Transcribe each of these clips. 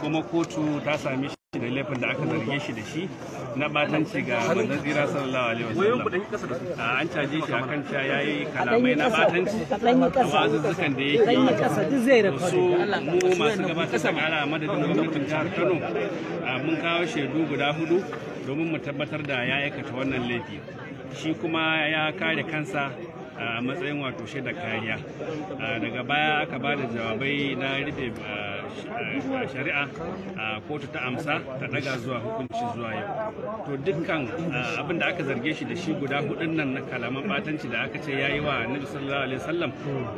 kuma kotu ta sami shi da laifin da aka zarge shi da shi na batanci ga manzon tsira sallallahu alaihi wasallam an caje shi akan cewa yayi kalamai na batanci azuzzukan da yake yi so mu masu gabatar da a madadin gwamnatin jihar Kano mun kawo shaidu guda hudu domin mu tabbatar da ya aikata wannan laifi shi kuma ya kare kansa a matsayin wato shaidar kariya daga baya aka ba da jawabai na rufe shari'a kotu ta amsa ta daga zuwa hukunci zuwa yau to dukkan abin da aka zarge shi da shi guda hudun nan na kalaman batanci da aka ce ya yi wa nabi sallallahu alaihi wasallam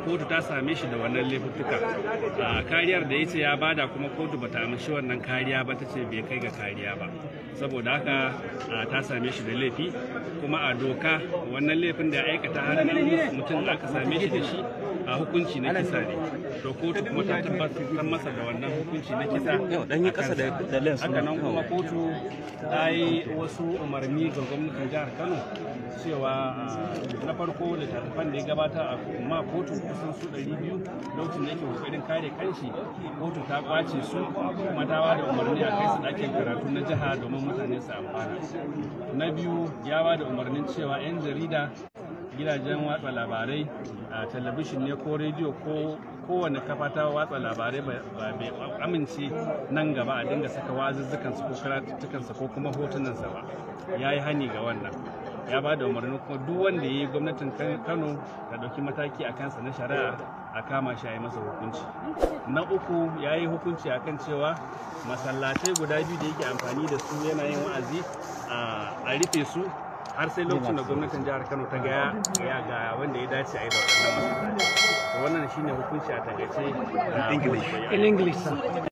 kotu ta same shi da wannan laifuka kariyar da ya ce ya bada kuma kotu ba ta amshi wannan kariya ba ta ce bai kai ga kariya ba saboda haka ta same shi da laifi kuma a doka wannan laifin da ya aikata har mutum aka same shi da shi a hukunci na kisa ne to kotu kuma ta tabbatar masa da wannan hukunci na kisa dan yi kasa da haka nan kuma kotu ta yi wasu umarni ga gwamnatin jihar Kano cewa ah, na farko da da ya gabata a kuma kotu kusan su 200 lokacin da yake kokarin kare kanshi kotu ta kwace su kuma ta ba da umarni a kai su ɗakin karatu na jiha domin mutane su amfana na biyu ya ba da umarnin cewa 'yan jarida gidajen watsa labarai a talabishin ne ko rediyo ko kowane kafa ta watsa labarai ba bai amince nan gaba a dinga saka wazuzzukansa ko karatuttukansa ko kuma hotunansa ba ya yi hani ga wannan ya ba da umarni kuma duk wanda ya yi gwamnatin kano ta ɗauki mataki a kansa na shari'a a kama shi a yi masa hukunci na uku ya yi hukunci a kan cewa masallatai guda biyu da yake amfani da su yana yin wa'azi a rufe su har sai lokacin da gwamnatin jihar kano ta gaya ya ga wanda ya dace a yi da wannan wannan shine hukunci a takaice a english